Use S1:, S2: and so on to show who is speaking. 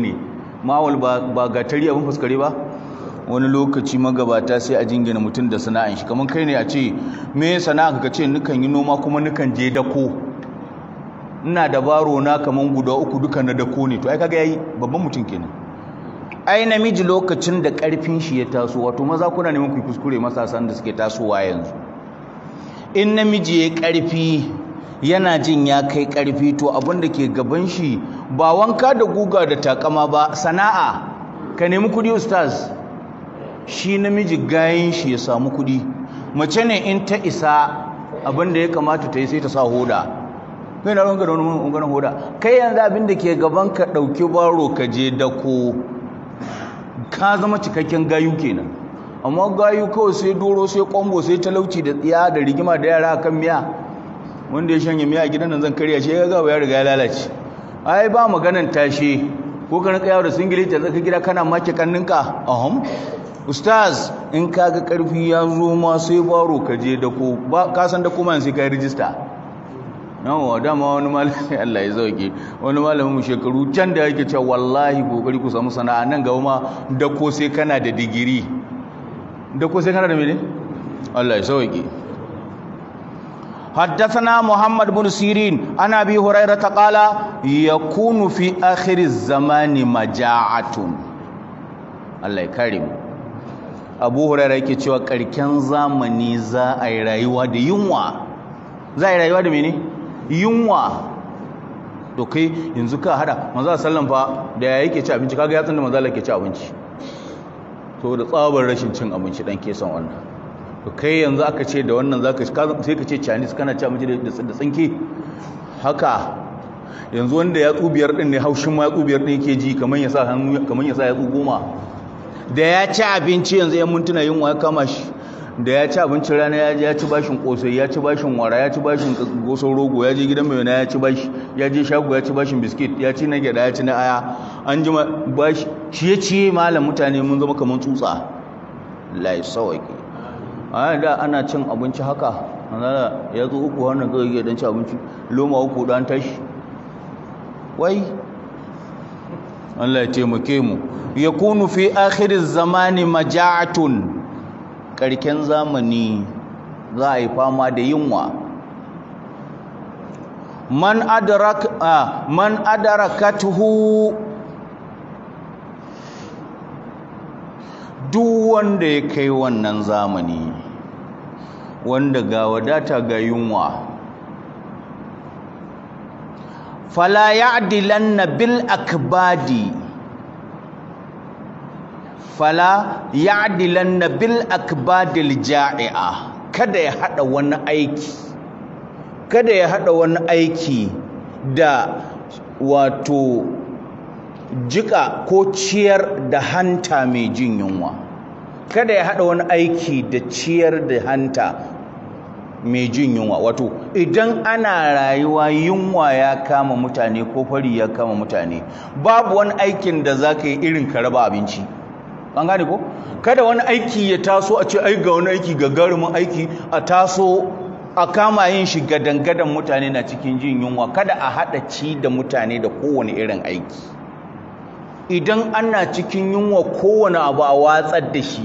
S1: ne mawal ba gatari abin fuskari ba wani lokaci magabata sai a jingina mutum da sana'an shi kamar kai ne a ce me sana'a ka ce nukan yi noma kuma nukan je dako ina da baro na kamar guda uku duka na dako ne to ai kaga yayi babban mutum kenan ai namiji lokacin da karfin shi ya taso wato maza kuna neman ku kuskure matasan da suke tasowa yanzu in namiji ya karfi yana jin ya kai karfi to abin da ke gaban shi ba wanka da guga da takama ba sana'a ka nemi kudi ustaz shi namiji gayin shi ya samu kudi mace ne in ta isa abin da ya kamata ta yi sai ta sa hoda kai na ranka da wani ungana hoda kai yanzu abin da ke gaban ka dauki baro ka je ko ka zama cikakken gayu kenan amma gayu kawai sai doro sai kwambo sai talauci da tsiya da rigima da yara kan miya wanda ya shanye miya a gidan nan zan karya shi ya gaba ya riga ya lalace ai ba maganan tashi ko ka rinka yawo da singili ta zaka gida kana make kanninka ahum ustaz in kaga karfi ya zo ma sai baro ka je da ko ka san da kuma sai kai register nawa ma wani malami Allah ya zauke wani malamin mu shekaru can da yake cewa wallahi kokari ku samu sana'a nan gaba ma da ko sai kana da digiri da ko sai kana da mene Allah ya sauke حدثنا محمد بن سيرين عن ابي هريره قال يكون في اخر الزمان مجاعه الله يكرم ابو هريره yake cewa karken zamani za a yi rayuwa da yunwa za a yi rayuwa da mene yunwa to kai yanzu ka hada manzo sallan fa da ya yake ci abinci kaga yatsun da manzo Allah yake ci abinci to da tsabar rashin cin abinci dan ke son wannan kai yanzu aka ce da wannan zaka sai ka ce chinese kana ci mace da tsinki haka yanzu wanda ya tsubiyar din ne haushin ma ya tsubiyar din yake ji kamar ya sa ya sa goma da ya ci abinci yanzu ya mintuna yunwa ya kama shi da ya ci abincin rana ya ci bashin kosai ya ci bashin wara ya ci bashin goson rogo ya je gidan mai ya ci bashi ya je shago ya ci bashin biskit ya ci na gyada ya ci na aya an ji bashi ciye-ciye malam mutane mun zama kamar tsutsa lai sawaki a da ana cin abinci haka manzala ya zo uku wannan zai yi don cin abinci loma uku don tashi wai Allah ya taimake mu Ya kunu fi akhirin zamani maja'atun karken zamani za a yi fama da yunwa man adarak ah, man adarakatuhu wanda ya kai wannan zamani wanda ga wadata ga yunwa fala ya'dilanna bil akbadi fala ya'dilanna bil akbadil ja'i'a kada ya hada wani aiki kada ya hada wani aiki da wato jika ko ciyar da hanta mai jin yunwa kada ya haɗa wani aiki da ciyar da hanta mai jin yunwa wato idan ana rayuwa yunwa ya kama mutane ko fari ya kama mutane babu wani aikin da za ka yi irin ka raba abinci an gane ko kada wani aiki ya taso a ce ai ga wani aiki gagarumin aiki a taso a kama yin shi gadangadan mutane na cikin jin yunwa kada a haɗa ci da mutane da kowane irin aiki idan ana cikin yunwa kowane abu a watsar da shi